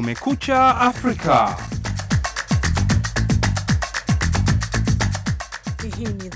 Kumekucha Afrika.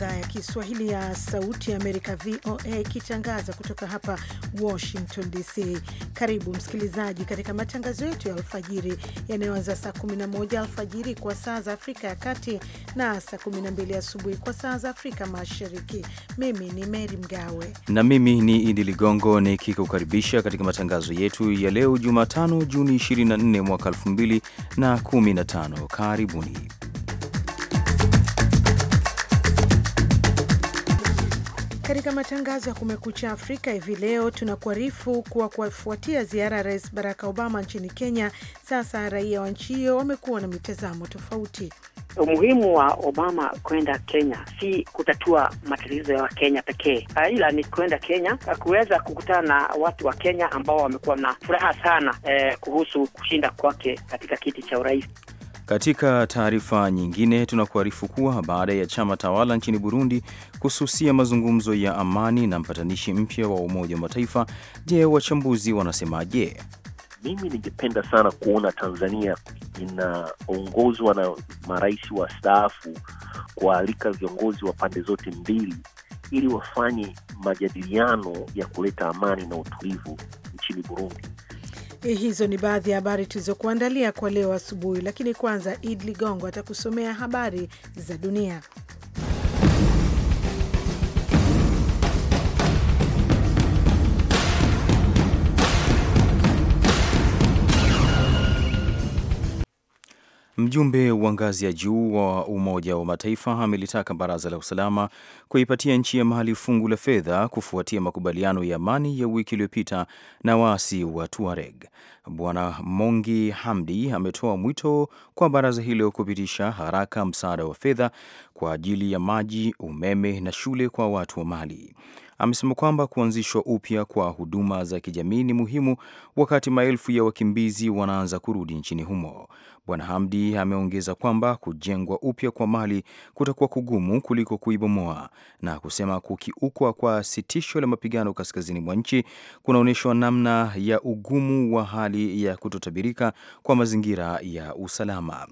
idhaa ya Kiswahili ya Sauti ya Amerika, VOA, ikitangaza kutoka hapa Washington DC. Karibu msikilizaji katika matangazo yetu ya alfajiri yanayoanza saa 11 alfajiri kwa saa za Afrika ya Kati na saa 12 asubuhi kwa saa za Afrika Mashariki. Mimi ni Meri Mgawe na mimi ni Idi Ligongo nikikukaribisha katika matangazo yetu ya leo Jumatano, Juni 24 mwaka 2015. Karibuni. Katika matangazo ya Kumekucha Afrika hivi leo tunakuarifu kuwa kufuatia ziara ya Rais Barack Obama nchini Kenya, sasa raia wa nchi hiyo wamekuwa na mitazamo tofauti. Umuhimu wa Obama kwenda Kenya si kutatua matatizo ya Wakenya pekee, ila ni kwenda Kenya kuweza kukutana na watu wa Kenya ambao wamekuwa na furaha sana eh, kuhusu kushinda kwake katika kiti cha urais. Katika taarifa nyingine, tunakuarifu kuwa baada ya chama tawala nchini Burundi kususia mazungumzo ya amani na mpatanishi mpya wa Umoja wa Mataifa, je, wachambuzi wanasemaje? Mimi ningependa sana kuona Tanzania inaongozwa na marais wa staafu kuwaalika viongozi wa pande zote mbili ili wafanye majadiliano ya kuleta amani na utulivu nchini Burundi. Hizo ni baadhi ya habari tulizokuandalia kwa leo asubuhi, lakini kwanza Id Ligongo atakusomea habari za dunia. Mjumbe wa ngazi ya juu wa Umoja wa Mataifa amelitaka Baraza la Usalama kuipatia nchi ya Mali fungu la fedha kufuatia makubaliano ya amani ya wiki iliyopita na waasi wa Tuareg. Bwana Mongi Hamdi ametoa mwito kwa baraza hilo kupitisha haraka msaada wa fedha kwa ajili ya maji, umeme na shule kwa watu wa Mali. Amesema kwamba kuanzishwa upya kwa huduma za kijamii ni muhimu wakati maelfu ya wakimbizi wanaanza kurudi nchini humo. Bwana Hamdi ameongeza kwamba kujengwa upya kwa mali kutakuwa kugumu kuliko kuibomoa na kusema kukiukwa kwa sitisho la mapigano kaskazini mwa nchi kunaonyeshwa namna ya ugumu wa hali ya kutotabirika kwa mazingira ya usalama.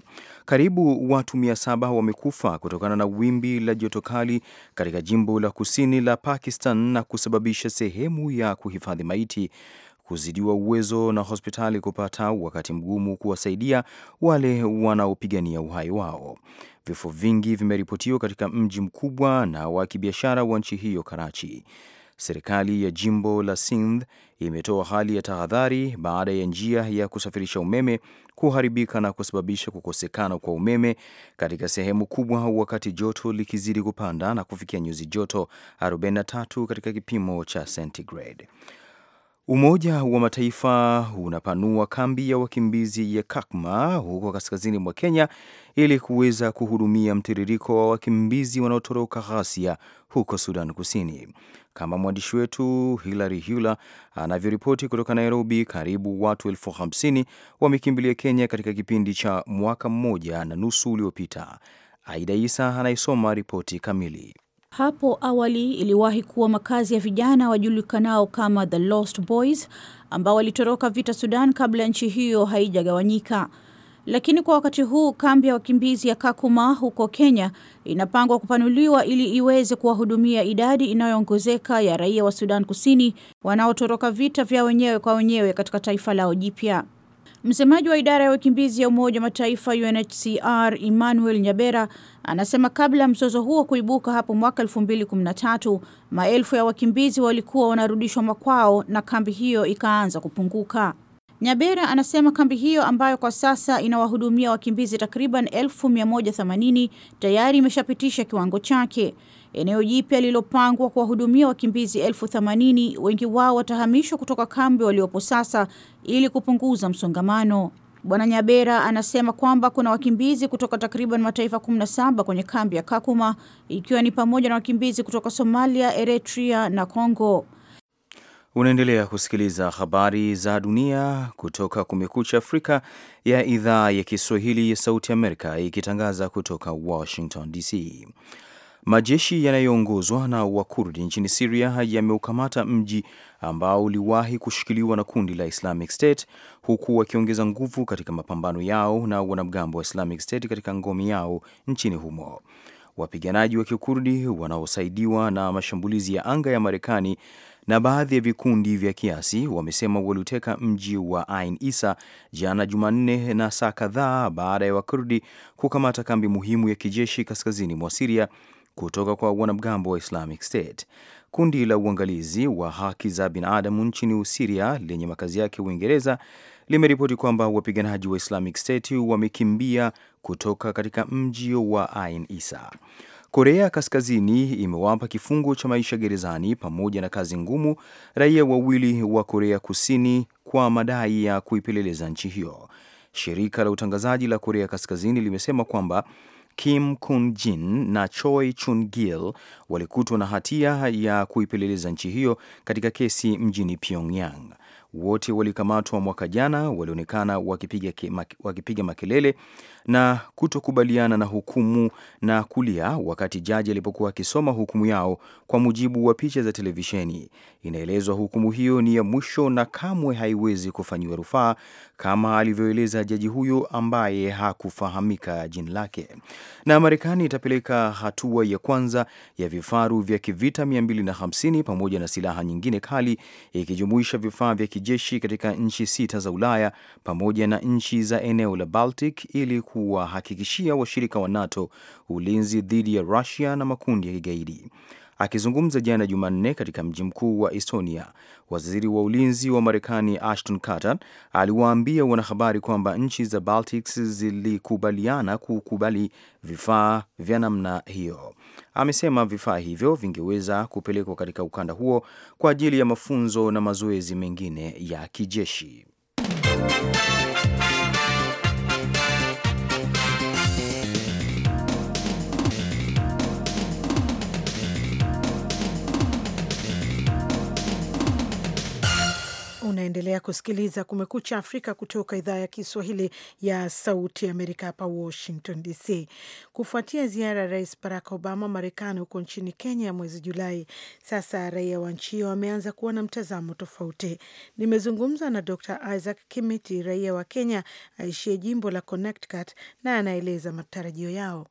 Karibu watu mia saba wamekufa kutokana na wimbi la joto kali katika jimbo la kusini la Pakistan na kusababisha sehemu ya kuhifadhi maiti kuzidiwa uwezo na hospitali kupata wakati mgumu kuwasaidia wale wanaopigania uhai wao. Vifo vingi vimeripotiwa katika mji mkubwa na wa kibiashara wa nchi hiyo, Karachi. Serikali ya jimbo la Sindh imetoa hali ya tahadhari baada ya njia ya kusafirisha umeme kuharibika na kusababisha kukosekana kwa umeme katika sehemu kubwa, wakati joto likizidi kupanda na kufikia nyuzi joto 43 katika kipimo cha sentigrade. Umoja wa Mataifa unapanua kambi ya wakimbizi ya Kakuma huko kaskazini mwa Kenya ili kuweza kuhudumia mtiririko wa wakimbizi wanaotoroka ghasia huko Sudan Kusini, kama mwandishi wetu Hilary Hula anavyoripoti kutoka Nairobi. Karibu watu elfu hamsini wamekimbilia Kenya katika kipindi cha mwaka mmoja na nusu uliopita. Aida Isa anayesoma ripoti kamili. Hapo awali iliwahi kuwa makazi ya vijana wajulikanao kama The Lost Boys ambao walitoroka vita Sudan kabla nchi hiyo haijagawanyika. Lakini kwa wakati huu kambi ya wakimbizi ya Kakuma huko Kenya inapangwa kupanuliwa ili iweze kuwahudumia idadi inayoongezeka ya raia wa Sudan Kusini wanaotoroka vita vya wenyewe kwa wenyewe katika taifa lao jipya. Msemaji wa idara ya wakimbizi ya Umoja wa Mataifa UNHCR Emmanuel Nyabera anasema kabla ya mzozo huo kuibuka hapo mwaka 2013 maelfu ya wakimbizi walikuwa wanarudishwa makwao na kambi hiyo ikaanza kupunguka. Nyabera anasema kambi hiyo ambayo kwa sasa inawahudumia wakimbizi takriban 1180 tayari imeshapitisha kiwango chake eneo jipya lililopangwa kuwahudumia wakimbizi elfu themanini. Wengi wao watahamishwa kutoka kambi waliopo sasa ili kupunguza msongamano. Bwana Nyabera anasema kwamba kuna wakimbizi kutoka takriban mataifa 17 kwenye kambi ya Kakuma ikiwa ni pamoja na wakimbizi kutoka Somalia, Eritrea na Kongo. Unaendelea kusikiliza habari za dunia kutoka Kumekucha Afrika ya idhaa ya Kiswahili ya Sauti Amerika ikitangaza kutoka Washington DC. Majeshi yanayoongozwa na Wakurdi nchini Siria yameukamata mji ambao uliwahi kushikiliwa na kundi la Islamic State huku wakiongeza nguvu katika mapambano yao na wanamgambo wa Islamic State katika ngome yao nchini humo. Wapiganaji wa Kikurdi wanaosaidiwa na mashambulizi ya anga ya Marekani na baadhi ya vikundi vya kiasi wamesema waliuteka mji wa Ain Isa jana Jumanne, na saa kadhaa baada ya Wakurdi kukamata kambi muhimu ya kijeshi kaskazini mwa Siria kutoka kwa wanamgambo wa Islamic State. Kundi la uangalizi wa haki za binadamu nchini Usiria lenye makazi yake Uingereza limeripoti kwamba wapiganaji wa Islamic State wamekimbia kutoka katika mji wa Ain Isa. Korea Kaskazini imewapa kifungo cha maisha gerezani pamoja na kazi ngumu raia wawili wa Korea Kusini kwa madai ya kuipeleleza nchi hiyo. Shirika la utangazaji la Korea Kaskazini limesema kwamba Kim Kun Jin na Choi Chun Gil walikutwa na hatia ya kuipeleleza nchi hiyo katika kesi mjini Pyongyang. Wote walikamatwa mwaka jana, walionekana wakipiga wakipiga makelele na kutokubaliana na hukumu na kulia wakati jaji alipokuwa akisoma hukumu yao, kwa mujibu wa picha za televisheni. Inaelezwa hukumu hiyo ni ya mwisho na kamwe haiwezi kufanyiwa rufaa, kama alivyoeleza jaji huyo ambaye hakufahamika jina lake. Na Marekani itapeleka hatua ya kwanza ya vifaru vya kivita 250 pamoja na silaha nyingine kali ikijumuisha vifaa vya kijeshi katika nchi sita za Ulaya pamoja na nchi za eneo la Baltic ili kuwahakikishia washirika wa NATO ulinzi dhidi ya Rusia na makundi ya kigaidi. Akizungumza jana Jumanne katika mji mkuu wa Estonia, waziri wa ulinzi wa Marekani Ashton Carter aliwaambia wanahabari kwamba nchi za Baltics zilikubaliana kukubali vifaa vya namna hiyo. Amesema vifaa hivyo vingeweza kupelekwa katika ukanda huo kwa ajili ya mafunzo na mazoezi mengine ya kijeshi. Unaendelea kusikiliza Kumekucha Afrika kutoka idhaa ya Kiswahili ya Sauti Amerika hapa Washington DC. Kufuatia ziara ya Rais Barack Obama Marekani huko nchini Kenya mwezi Julai, sasa raia wa nchi hiyo wameanza kuwa na mtazamo tofauti. Nimezungumza na Dr Isaac Kimiti, raia wa Kenya aishie jimbo la Connecticut, na anaeleza matarajio yao.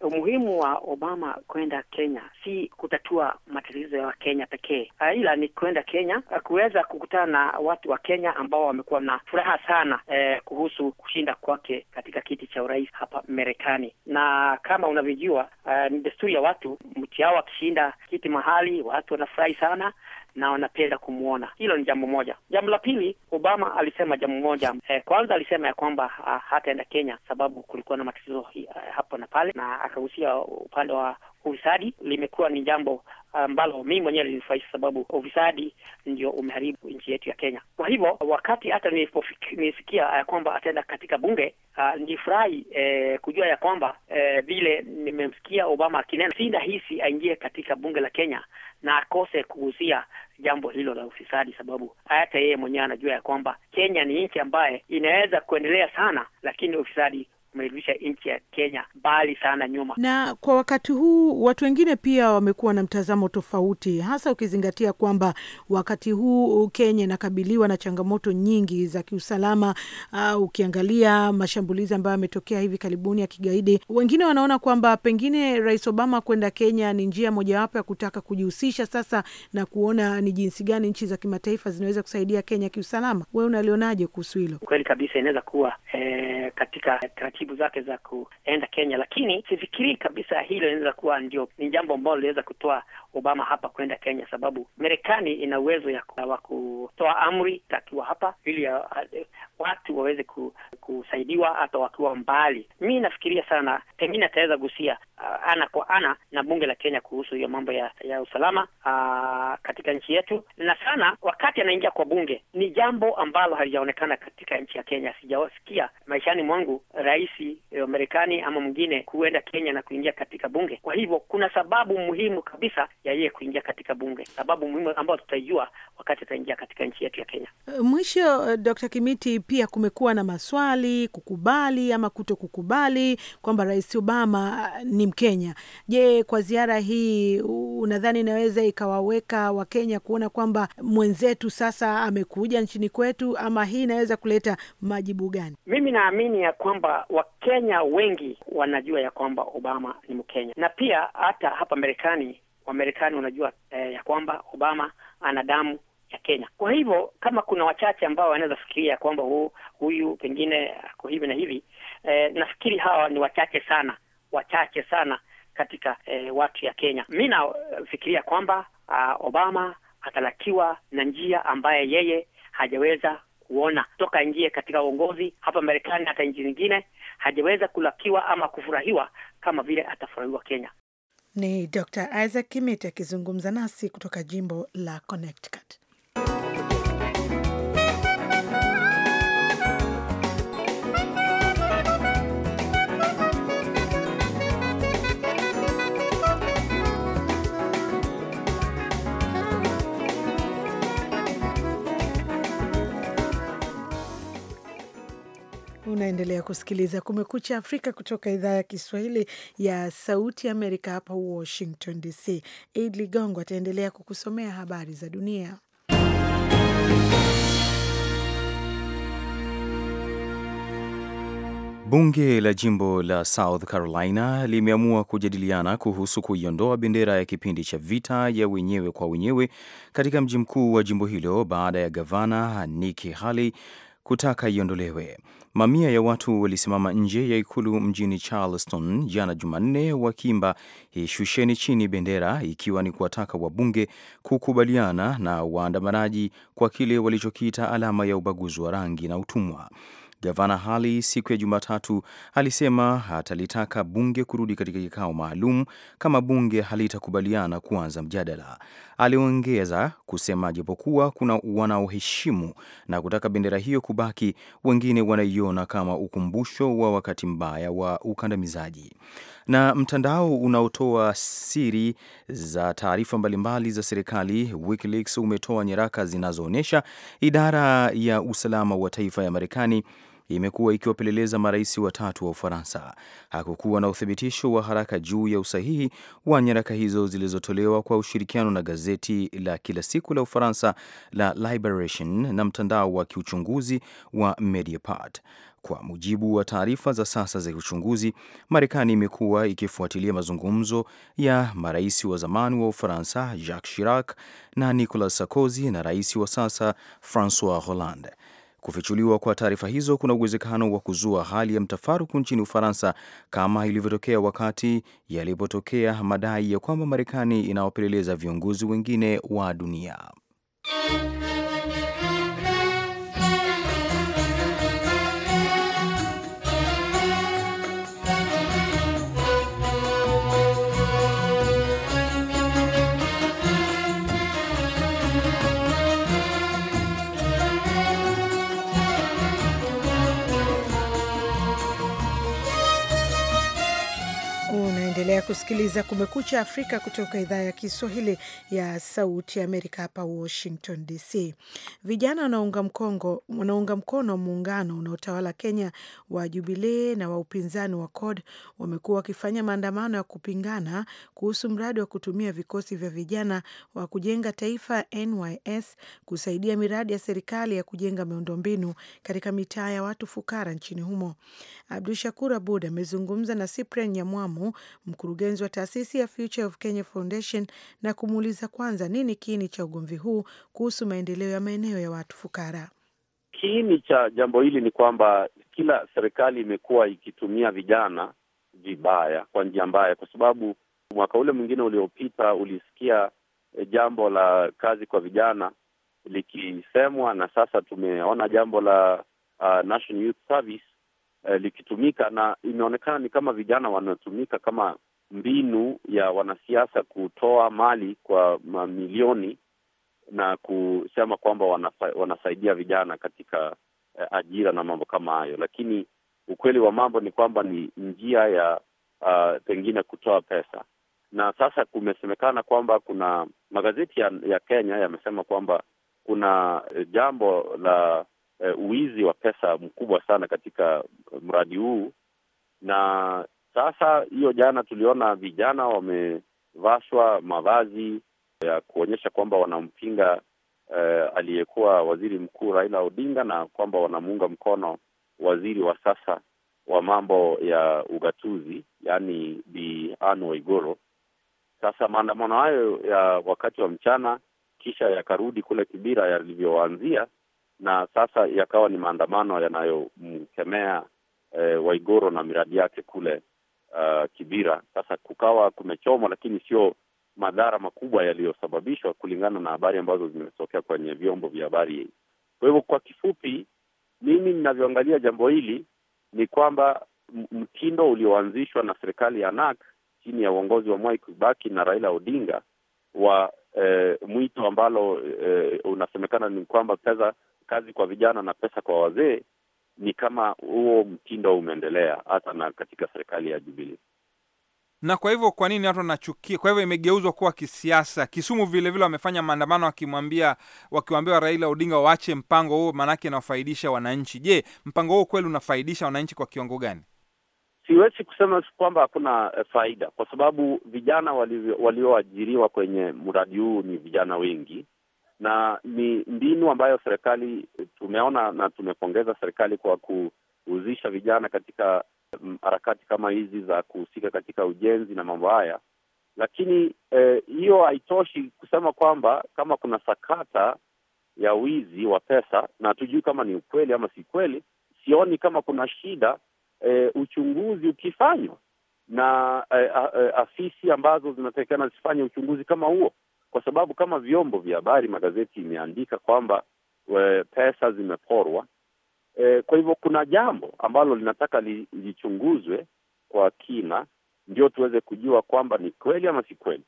Umuhimu wa Obama kwenda Kenya si kutatua matatizo ya Wakenya pekee, ah, ila ni kwenda Kenya ah, kuweza kukutana na watu wa Kenya ambao wamekuwa na furaha sana eh, kuhusu kushinda kwake katika kiti cha urais hapa Marekani. Na kama unavyojua, eh, ni desturi ya watu mti yao wakishinda kiti mahali, watu wanafurahi sana na wanapenda kumwona. Hilo ni jambo moja. Jambo la pili, Obama alisema jambo moja eh, kwanza alisema ya kwamba ah, hataenda Kenya sababu kulikuwa na matatizo eh, hapo na pale, na akagusia upande wa ufisadi limekuwa ni jambo ambalo mii mwenyewe linifurahisha, sababu ufisadi ndio umeharibu nchi yetu ya Kenya. Kwa hivyo wakati hata nilisikia ya eh, kwamba ataenda katika bunge uh, nilifurahi eh, kujua ya kwamba eh, vile eh, nimemsikia Obama akinena, si rahisi aingie katika bunge la Kenya na akose kugusia jambo hilo la ufisadi, sababu hata yeye mwenyewe anajua ya kwamba Kenya ni nchi ambaye inaweza kuendelea sana, lakini ufisadi kumeirudisha nchi ya Kenya mbali sana nyuma. Na kwa wakati huu watu wengine pia wamekuwa na mtazamo tofauti, hasa ukizingatia kwamba wakati huu Kenya inakabiliwa na changamoto nyingi za kiusalama. Uh, ukiangalia mashambulizi ambayo yametokea hivi karibuni ya kigaidi, wengine wanaona kwamba pengine Rais Obama kwenda Kenya ni njia mojawapo ya kutaka kujihusisha sasa na kuona ni jinsi gani nchi za kimataifa zinaweza kusaidia Kenya kiusalama. Wewe unalionaje kuhusu hilo? Kweli kabisa, inaweza kuwa eh, katika taratibu zake za kuenda Kenya, lakini sifikirii kabisa hilo inaweza kuwa ndio ni jambo ambalo linaweza kutoa Obama hapa kwenda Kenya, sababu Marekani ina uwezo wa kutoa amri takiwa hapa ili watu waweze kusaidiwa hata wakiwa mbali. Mi nafikiria sana, pengine ataweza gusia uh, ana kwa ana na bunge la Kenya kuhusu hiyo mambo ya, ya usalama uh, katika nchi yetu, na sana wakati anaingia kwa bunge, ni jambo ambalo halijaonekana katika nchi ya Kenya. Sijasikia maishani mwangu rais wa Marekani ama mwingine kuenda Kenya na kuingia katika bunge. Kwa hivyo kuna sababu muhimu kabisa ya yeye kuingia katika bunge, sababu muhimu ambayo tutaijua wakati ataingia katika nchi yetu ya Kenya. Mwisho Dr. Kimiti, pia kumekuwa na maswali kukubali ama kuto kukubali kwamba Rais Obama ah, ni Mkenya. Je, kwa ziara hii unadhani inaweza ikawaweka Wakenya kuona kwamba mwenzetu sasa amekuja nchini kwetu, ama hii inaweza kuleta majibu gani? Mimi naamini ya kwamba Wakenya wengi wanajua ya kwamba Obama ni Mkenya, na pia hata hapa Marekani Wamarekani wanajua eh, ya kwamba Obama ana damu ya Kenya. Kwa hivyo kama kuna wachache ambao wanaweza fikiria kwamba hu, huyu pengine ako hivi na hivi eh, nafikiri hawa ni wachache sana, wachache sana katika eh, watu ya Kenya. Mi nafikiria eh, kwamba uh, Obama atalakiwa na njia ambaye yeye hajaweza kuona toka ingie katika uongozi hapa Marekani, hata nchi nyingine hajaweza kulakiwa ama kufurahiwa kama vile atafurahiwa Kenya. Ni Dr. Isaac Kimiti akizungumza nasi kutoka jimbo la Connecticut. Unaendelea kusikiliza Kumekucha Afrika kutoka idhaa ya Kiswahili ya Sauti Amerika, hapa Washington DC. Id Ligongo ataendelea kukusomea habari za dunia. Bunge la jimbo la South Carolina limeamua kujadiliana kuhusu kuiondoa bendera ya kipindi cha vita ya wenyewe kwa wenyewe katika mji mkuu wa jimbo hilo baada ya gavana Nikki Haley kutaka iondolewe. Mamia ya watu walisimama nje ya ikulu mjini Charleston jana Jumanne wakiimba ishusheni chini bendera, ikiwa ni kuwataka wabunge kukubaliana na waandamanaji kwa kile walichokiita alama ya ubaguzi wa rangi na utumwa. Gavana Hali siku ya Jumatatu alisema atalitaka bunge kurudi katika kikao maalum kama bunge halitakubaliana kuanza mjadala. Aliongeza kusema japokuwa kuna wanaoheshimu na kutaka bendera hiyo kubaki, wengine wanaiona kama ukumbusho wa wakati mbaya wa ukandamizaji. Na mtandao unaotoa siri za taarifa mbalimbali za serikali WikiLeaks umetoa nyaraka zinazoonyesha idara ya usalama wa taifa ya Marekani imekuwa ikiwapeleleza marais watatu wa Ufaransa. Hakukuwa na uthibitisho wa haraka juu ya usahihi wa nyaraka hizo zilizotolewa kwa ushirikiano na gazeti la kila siku la Ufaransa la Liberation na mtandao wa kiuchunguzi wa Mediapart. Kwa mujibu wa taarifa za sasa za uchunguzi, Marekani imekuwa ikifuatilia mazungumzo ya marais wa zamani wa Ufaransa Jacques Chirac na Nicolas Sarkozy na rais wa sasa Francois Hollande. Kufichuliwa kwa taarifa hizo kuna uwezekano wa kuzua hali ya mtafaruku nchini Ufaransa kama ilivyotokea wakati yalipotokea madai ya kwamba Marekani inawapeleleza viongozi wengine wa dunia. Unaendelea kusikiliza Kumekucha Afrika kutoka idhaa ya Kiswahili ya Sauti ya Amerika, hapa Washington DC. Vijana wanaunga mkono muungano unaotawala Kenya wa Jubilee na wa upinzani wa CORD wamekuwa wakifanya maandamano ya kupingana kuhusu mradi wa kutumia vikosi vya vijana wa kujenga taifa NYS kusaidia miradi ya serikali ya kujenga miundombinu katika mitaa ya watu fukara nchini humo. Abdu Shakur Abud amezungumza na siprian Nyamwamu, mkurugenzi wa taasisi ya Future of Kenya Foundation na kumuuliza kwanza nini kiini cha ugomvi huu kuhusu maendeleo ya maeneo ya watu fukara. Kiini cha jambo hili ni kwamba kila serikali imekuwa ikitumia vijana vibaya, kwa njia mbaya, kwa sababu mwaka ule mwingine uliopita ulisikia eh, jambo la kazi kwa vijana likisemwa, na sasa tumeona jambo la uh, National Youth Service uh, likitumika, na imeonekana ni kama vijana wanatumika kama mbinu ya wanasiasa kutoa mali kwa mamilioni na kusema kwamba wanasa, wanasaidia vijana katika eh, ajira na mambo kama hayo, lakini ukweli wa mambo ni kwamba ni njia ya uh, pengine kutoa pesa. Na sasa kumesemekana kwamba kuna magazeti ya, ya Kenya yamesema kwamba kuna eh, jambo la uh, eh, uizi wa pesa mkubwa sana katika mradi huu na sasa hiyo jana tuliona vijana wamevashwa mavazi ya kuonyesha kwamba wanampinga eh, aliyekuwa waziri mkuu Raila Odinga na kwamba wanamuunga mkono waziri wa sasa wa mambo ya ugatuzi, yani Bi Anne Waiguru. Sasa maandamano hayo ya wakati wa mchana kisha yakarudi kule Kibira yalivyoanzia, na sasa yakawa ni maandamano yanayomkemea eh, Waiguru na miradi yake kule uh, Kibira. Sasa kukawa kumechomwa, lakini sio madhara makubwa yaliyosababishwa kulingana na habari ambazo zimetokea kwenye vyombo vya habari. Kwa hivyo kwa kifupi, mimi ninavyoangalia jambo hili ni kwamba mtindo ulioanzishwa na serikali ya NAK chini ya uongozi wa Mwai Kibaki na Raila Odinga wa eh, mwito ambalo eh, unasemekana ni kwamba pesa kazi kwa vijana na pesa kwa wazee ni kama huo mtindo umeendelea hata na katika serikali ya Jubilee. Na kwa hivyo kwa nini watu wanachukia? Kwa hivyo imegeuzwa kuwa kisiasa. Kisumu vile vile wamefanya maandamano wakimwambia, wakiwaambia Raila Odinga waache mpango huo, maanake inawafaidisha wananchi. Je, mpango huo kweli unafaidisha wananchi kwa kiwango gani? Siwezi kusema kwamba hakuna eh, faida, kwa sababu vijana walioajiriwa kwenye mradi huu ni vijana wengi na ni mbinu ambayo serikali tumeona na tumepongeza serikali kwa kuhuzisha vijana katika mm, harakati kama hizi za kuhusika katika ujenzi na mambo haya, lakini eh, hiyo eh, haitoshi kusema kwamba kama kuna sakata ya wizi wa pesa, na hatujui kama ni ukweli ama si kweli, sioni kama kuna shida eh, uchunguzi ukifanywa na eh, eh afisi ambazo zinatakikana zifanye uchunguzi kama huo kwa sababu kama vyombo vya habari magazeti imeandika kwamba we, pesa zimeporwa e, kwa hivyo kuna jambo ambalo linataka li, lichunguzwe kwa kina, ndio tuweze kujua kwamba ni kweli ama si kweli.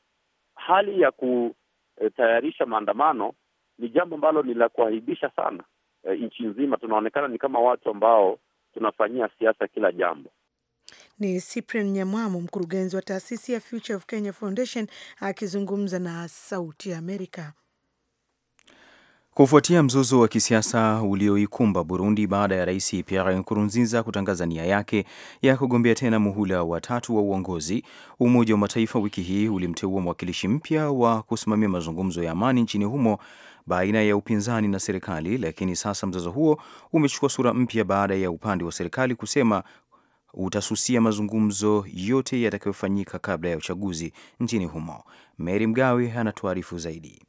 Hali ya kutayarisha maandamano ni jambo ambalo ni la kuahibisha sana. E, nchi nzima tunaonekana ni kama watu ambao tunafanyia siasa kila jambo. Ni Cyprian Nyamwamu, mkurugenzi wa taasisi ya Future of Kenya Foundation, akizungumza na Sauti ya Amerika. Kufuatia mzozo wa kisiasa ulioikumba Burundi baada ya Rais Pierre Nkurunziza kutangaza nia yake ya kugombea tena muhula wa tatu wa uongozi, Umoja wa Mataifa wiki hii ulimteua mwakilishi mpya wa kusimamia mazungumzo ya amani nchini humo baina ya upinzani na serikali. Lakini sasa mzozo huo umechukua sura mpya baada ya upande wa serikali kusema utasusia mazungumzo yote yatakayofanyika kabla ya uchaguzi nchini humo. Mary Mgawe anatuarifu zaidi.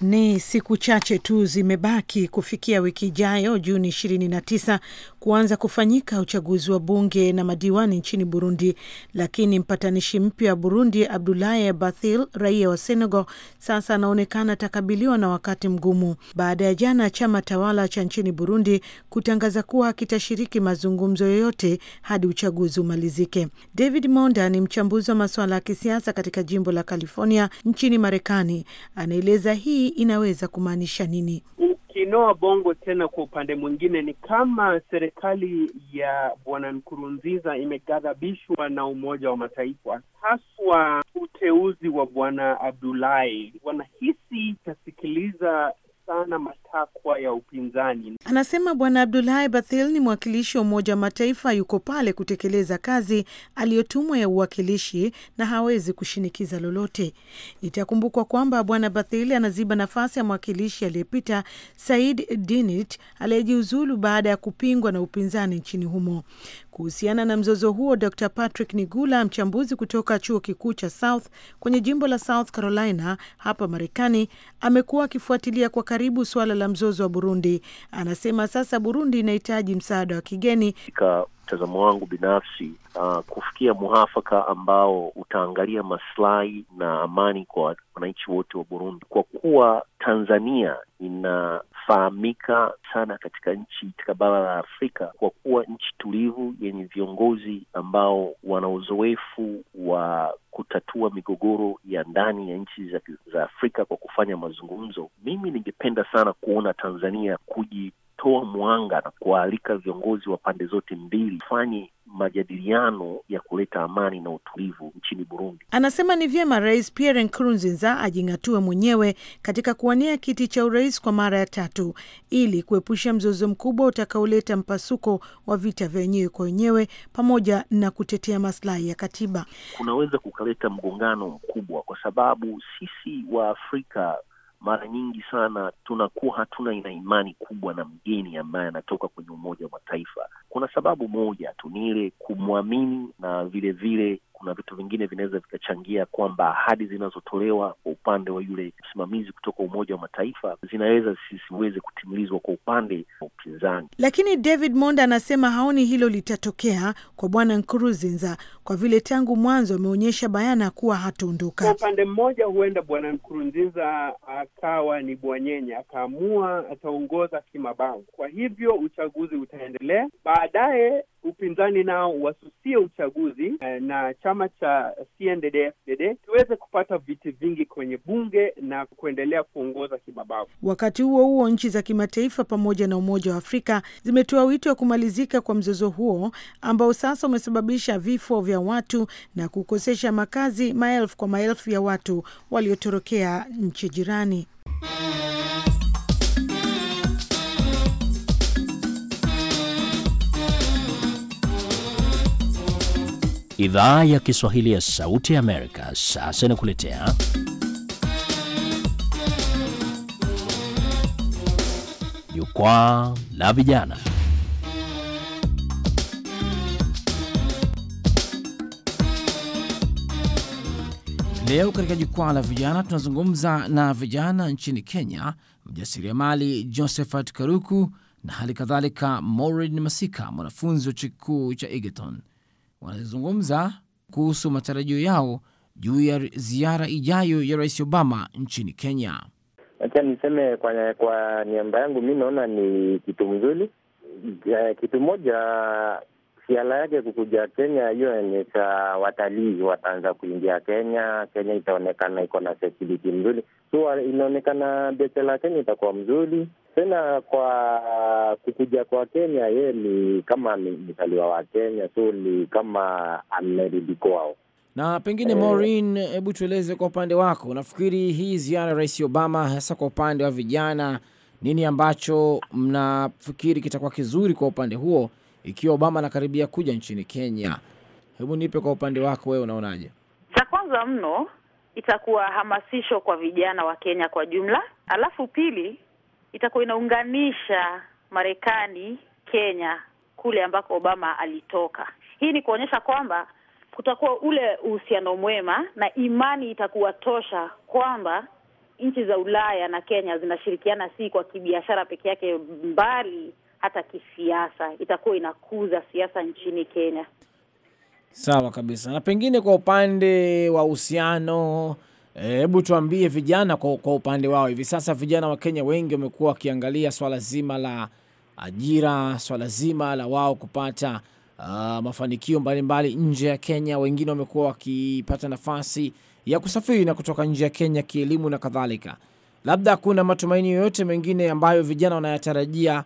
Ni siku chache tu zimebaki kufikia wiki ijayo Juni 29 kuanza kufanyika uchaguzi wa bunge na madiwani nchini Burundi, lakini mpatanishi mpya wa Burundi Abdoulaye Bathil, raia wa Senegal, sasa anaonekana atakabiliwa na wakati mgumu baada ya jana chama tawala cha nchini Burundi kutangaza kuwa kitashiriki mazungumzo yoyote hadi uchaguzi umalizike. David Monda ni mchambuzi wa masuala ya kisiasa katika jimbo la California nchini Marekani, anaeleza hii hii inaweza kumaanisha nini? Ukinoa bongo tena, kwa upande mwingine ni kama serikali ya Bwana Nkurunziza imeghadhabishwa na Umoja wa Mataifa, haswa uteuzi wa Bwana Abdulahi. Wanahisi itasikiliza sana matakwa ya upinzani, anasema Bwana Abdulahi Bathil. Ni mwakilishi wa Umoja wa Mataifa, yuko pale kutekeleza kazi aliyotumwa ya uwakilishi na hawezi kushinikiza lolote. Itakumbukwa kwamba Bwana Bathil anaziba nafasi ya mwakilishi aliyepita Said Dinit aliyejiuzulu baada ya kupingwa na upinzani nchini humo. Kuhusiana na mzozo huo, Dr Patrick Nigula, mchambuzi kutoka chuo kikuu cha South kwenye jimbo la South Carolina hapa Marekani, amekuwa akifuatilia kwa karibu suala la mzozo wa Burundi. Anasema sasa Burundi inahitaji msaada wa kigeni. Mtazamo wangu binafsi, uh, kufikia mwhafaka ambao utaangalia maslahi na amani kwa wananchi wote wa Burundi, kwa kuwa Tanzania ina inafahamika sana katika nchi katika bara la Afrika kwa kuwa nchi tulivu yenye viongozi ambao wana uzoefu wa kutatua migogoro ya ndani ya nchi za, za Afrika kwa kufanya mazungumzo. Mimi ningependa sana kuona Tanzania kuji kutoa mwanga na kuwaalika viongozi wa pande zote mbili fanye majadiliano ya kuleta amani na utulivu nchini Burundi. Anasema ni vyema Rais Pierre Nkurunziza ajing'atue mwenyewe katika kuwania kiti cha urais kwa mara ya tatu ili kuepusha mzozo mkubwa utakaoleta mpasuko wa vita vya wenyewe kwa wenyewe pamoja na kutetea maslahi ya katiba. Kunaweza kukaleta mgongano mkubwa kwa sababu sisi wa Afrika mara nyingi sana tunakuwa hatuna ina imani kubwa na mgeni ambaye anatoka kwenye Umoja wa Mataifa. Kuna sababu moja tu, ni ile kumwamini na vilevile kuna vitu vingine vinaweza vikachangia kwamba ahadi zinazotolewa kwa upande wa yule msimamizi kutoka Umoja wa Mataifa zinaweza zisiweze kutimilizwa kwa upande wa upinzani. Lakini David Monda anasema haoni hilo litatokea kwa Bwana Nkurunziza kwa vile tangu mwanzo ameonyesha bayana kuwa hataondoka. Kwa upande mmoja, huenda Bwana Nkurunziza akawa ni bwanyenye, akaamua ataongoza kimabavu, kwa hivyo uchaguzi utaendelea baadaye upinzani nao wasusie uchaguzi eh, na chama cha CNDD-FDD kupata viti vingi kwenye bunge na kuendelea kuongoza kimabavu. Wakati huo huo, nchi za kimataifa pamoja na Umoja wa Afrika zimetoa wito wa kumalizika kwa mzozo huo ambao sasa umesababisha vifo vya watu na kukosesha makazi maelfu kwa maelfu ya watu waliotorokea nchi jirani. Idhaa ya Kiswahili ya Sauti ya Amerika sasa inakuletea Jukwaa la Vijana. Leo katika Jukwaa la Vijana tunazungumza na vijana nchini Kenya, mjasiriamali Josephat Karuku na hali kadhalika morin Masika, mwanafunzi wa chuo kikuu cha Egerton wanazungumza kuhusu matarajio yao juu ya ziara ijayo ya Rais Obama nchini Kenya. Acha niseme kwa, kwa niamba yangu, mi naona ni kitu mzuri. Kitu moja siala yake kukuja Kenya, hiyo onyesha watalii wataanza kuingia Kenya. Kenya itaonekana iko na security mzuri, so inaonekana bete la Kenya itakuwa mzuri tena kwa kukuja kwa Kenya, ye ni kama ni mzaliwa wa Kenya, so ni kama amerudi kwao. Na pengine eh, Maureen, hebu tueleze kwa upande wako, nafikiri hii ziara ya Rais Obama hasa kwa upande wa vijana, nini ambacho mnafikiri kitakuwa kizuri kwa upande huo ikiwa Obama anakaribia kuja nchini Kenya? Hebu nipe kwa upande wako, wewe unaonaje? Cha kwanza mno itakuwa hamasisho kwa vijana wa Kenya kwa jumla, alafu pili itakuwa inaunganisha Marekani, Kenya kule ambako Obama alitoka. Hii ni kuonyesha kwamba kutakuwa ule uhusiano mwema na imani itakuwa tosha kwamba nchi za Ulaya na Kenya zinashirikiana si kwa kibiashara peke yake, mbali hata kisiasa, itakuwa inakuza siasa nchini Kenya. Sawa kabisa. Na pengine kwa upande wa uhusiano Hebu tuambie vijana kwa, kwa upande wao hivi sasa, vijana wa Kenya wengi wamekuwa wakiangalia swala zima la ajira, swala zima la wao kupata uh, mafanikio mbalimbali nje ya Kenya. Wengine wamekuwa wakipata nafasi ya kusafiri na kutoka nje ya Kenya kielimu na kadhalika. Labda kuna matumaini yoyote mengine ambayo vijana wanayatarajia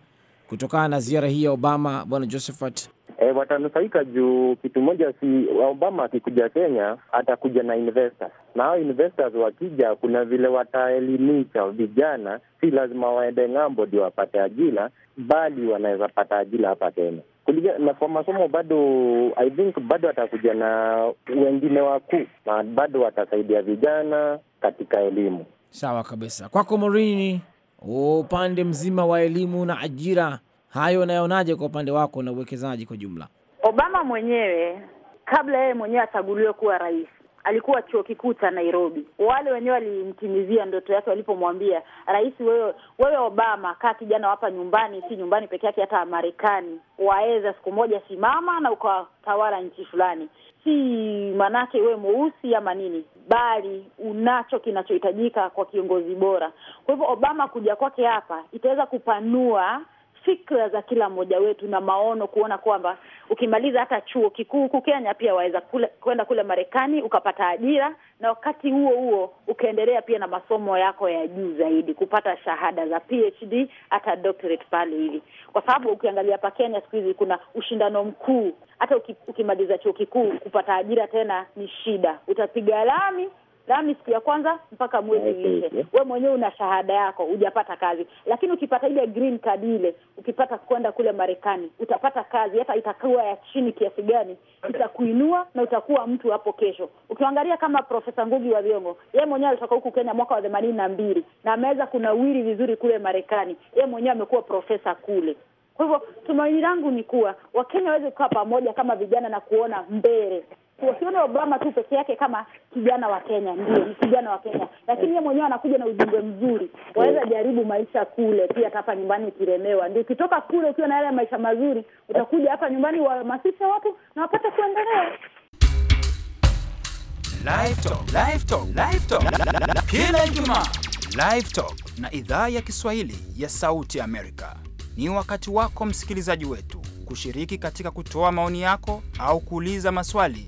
kutokana na ziara hii ya Obama, Bwana Josephat? e, watanufaika juu kitu moja, si Obama akikuja Kenya atakuja na investors, na hao investors wakija, kuna vile wataelimisha vijana, si lazima waende ng'ambo ndio wapate ajira, bali wanaweza pata ajira hapa Kenya na kwa masomo bado I think bado atakuja na wengine wakuu na bado watasaidia vijana katika elimu. Sawa kabisa kwako Morini, upande mzima wa elimu na ajira hayo unayoonaje kwa upande wako na uwekezaji kwa jumla? Obama mwenyewe kabla yeye mwenyewe achaguliwe kuwa rais alikuwa chuo kikuu cha Nairobi. Wale wenyewe walimtimizia ndoto yake walipomwambia rais, wewe wewe Obama, kaa kijana hapa nyumbani, si nyumbani peke yake, hata Marekani, waweza siku moja simama na ukatawala nchi fulani, si manake wewe mweusi ama nini, bali unacho kinachohitajika kwa kiongozi bora. Kwa hivyo Obama kuja kwake hapa itaweza kupanua fikra za kila mmoja wetu na maono, kuona kwamba ukimaliza hata chuo kikuu huku Kenya pia waweza kwenda kule Marekani ukapata ajira, na wakati huo huo ukaendelea pia na masomo yako ya juu zaidi, kupata shahada za PhD hata doctorate pale hivi, kwa sababu ukiangalia hapa Kenya siku hizi kuna ushindano mkuu. Hata ukimaliza chuo kikuu kupata ajira tena ni shida, utapiga lami dhambi siku ya kwanza mpaka mwezi uishe. Okay, yeah. We mwenyewe una shahada yako, hujapata kazi, lakini ukipata ile green card ile, ukipata kwenda kule Marekani utapata kazi, hata itakuwa ya chini kiasi gani, itakuinua na utakuwa mtu hapo kesho. Ukiangalia kama Profesa Ngugi wa Thiong'o, yeye mwenyewe alitoka huku Kenya mwaka wa themanini na mbili na ameweza kunawiri vizuri kule Marekani, yeye mwenyewe amekuwa profesa kule. Kwa hivyo tumaini langu ni kuwa Wakenya waweze kukaa pamoja kama vijana na kuona mbele wasione Obama tu peke yake kama kijana wa Kenya, ndio ni kijana wa Kenya, lakini yeye mwenyewe anakuja na ujumbe mzuri, waweza jaribu maisha kule pia, hapa nyumbani ukiremewa Ndio ukitoka kule ukiwa na yale maisha mazuri, utakuja hapa nyumbani wahamasisha watu na wapate kuendelea. Live Talk, Live Talk, Live Talk kila Ijumaa. Live Talk na idhaa ya Kiswahili ya Sauti ya Amerika, ni wakati wako msikilizaji wetu kushiriki katika kutoa maoni yako au kuuliza maswali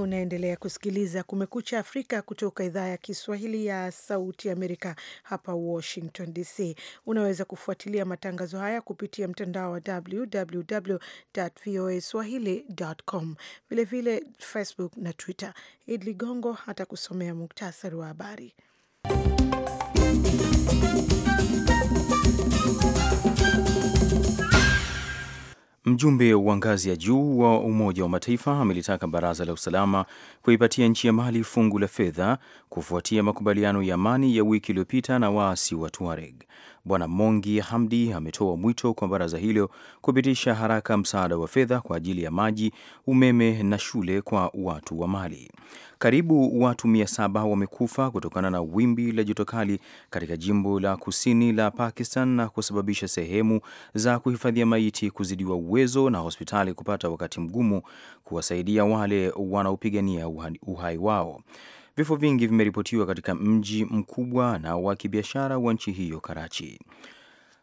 Unaendelea kusikiliza Kumekucha Afrika kutoka idhaa ya Kiswahili ya Sauti Amerika, hapa Washington DC. Unaweza kufuatilia matangazo haya kupitia mtandao wa www voa swahili.com, vilevile Facebook na Twitter. Id Ligongo hata kusomea muktasari wa habari Mjumbe wa ngazi ya juu wa Umoja wa Mataifa amelitaka Baraza la Usalama kuipatia nchi ya Mali fungu la fedha kufuatia makubaliano ya amani ya wiki iliyopita na waasi wa Tuareg. Bwana Mongi Hamdi ametoa mwito kwa baraza hilo kupitisha haraka msaada wa fedha kwa ajili ya maji, umeme na shule kwa watu wa Mali. Karibu watu mia saba wamekufa kutokana na wimbi la joto kali katika jimbo la kusini la Pakistan na kusababisha sehemu za kuhifadhia maiti kuzidiwa uwezo na hospitali kupata wakati mgumu kuwasaidia wale wanaopigania uhai wao. Vifo vingi vimeripotiwa katika mji mkubwa na wa kibiashara wa nchi hiyo, Karachi.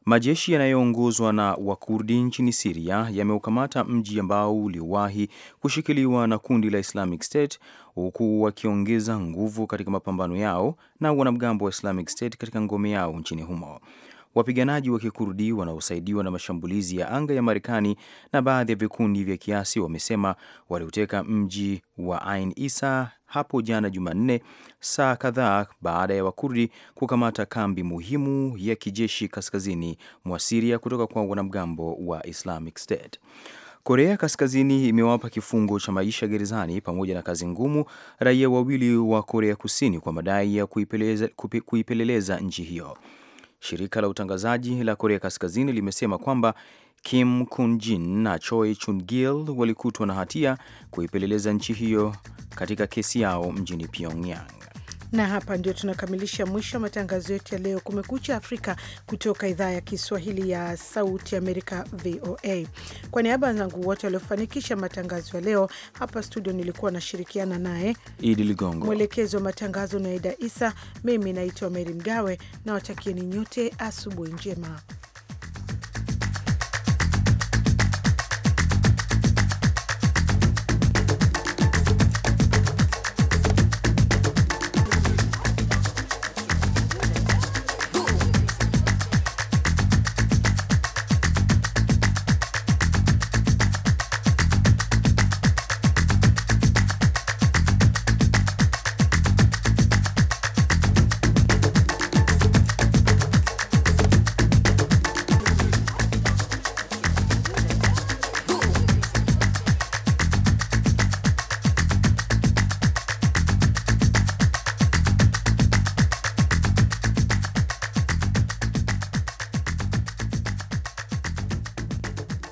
Majeshi yanayoongozwa na Wakurdi nchini Siria yameukamata mji ambao uliwahi kushikiliwa na kundi la Islamic State huku wakiongeza nguvu katika mapambano yao na wanamgambo wa Islamic State katika ngome yao nchini humo. Wapiganaji wa Kikurdi wanaosaidiwa na mashambulizi ya anga ya Marekani na baadhi ya vikundi vya kiasi wamesema waliuteka mji wa Ain Isa hapo jana Jumanne, saa kadhaa baada ya Wakurdi kukamata kambi muhimu ya kijeshi kaskazini mwa Siria kutoka kwa wanamgambo wa Islamic State. Korea Kaskazini imewapa kifungo cha maisha gerezani pamoja na kazi ngumu raia wawili wa Korea Kusini kwa madai ya kuipeleleza, kuipeleleza nchi hiyo. Shirika la utangazaji la Korea Kaskazini limesema kwamba Kim Kunjin na Choi Chungil walikutwa na hatia kuipeleleza nchi hiyo katika kesi yao mjini Pyongyang. Na hapa ndio tunakamilisha mwisho wa matangazo yetu ya leo, Kumekucha Afrika, kutoka idhaa ya Kiswahili ya Sauti Amerika, VOA. Kwa niaba zangu wote waliofanikisha matangazo ya leo hapa studio, nilikuwa nashirikiana naye Idi Ligongo, mwelekezi wa matangazo na Ida Isa. Mimi naitwa Meri Mgawe na watakieni nyote asubuhi njema.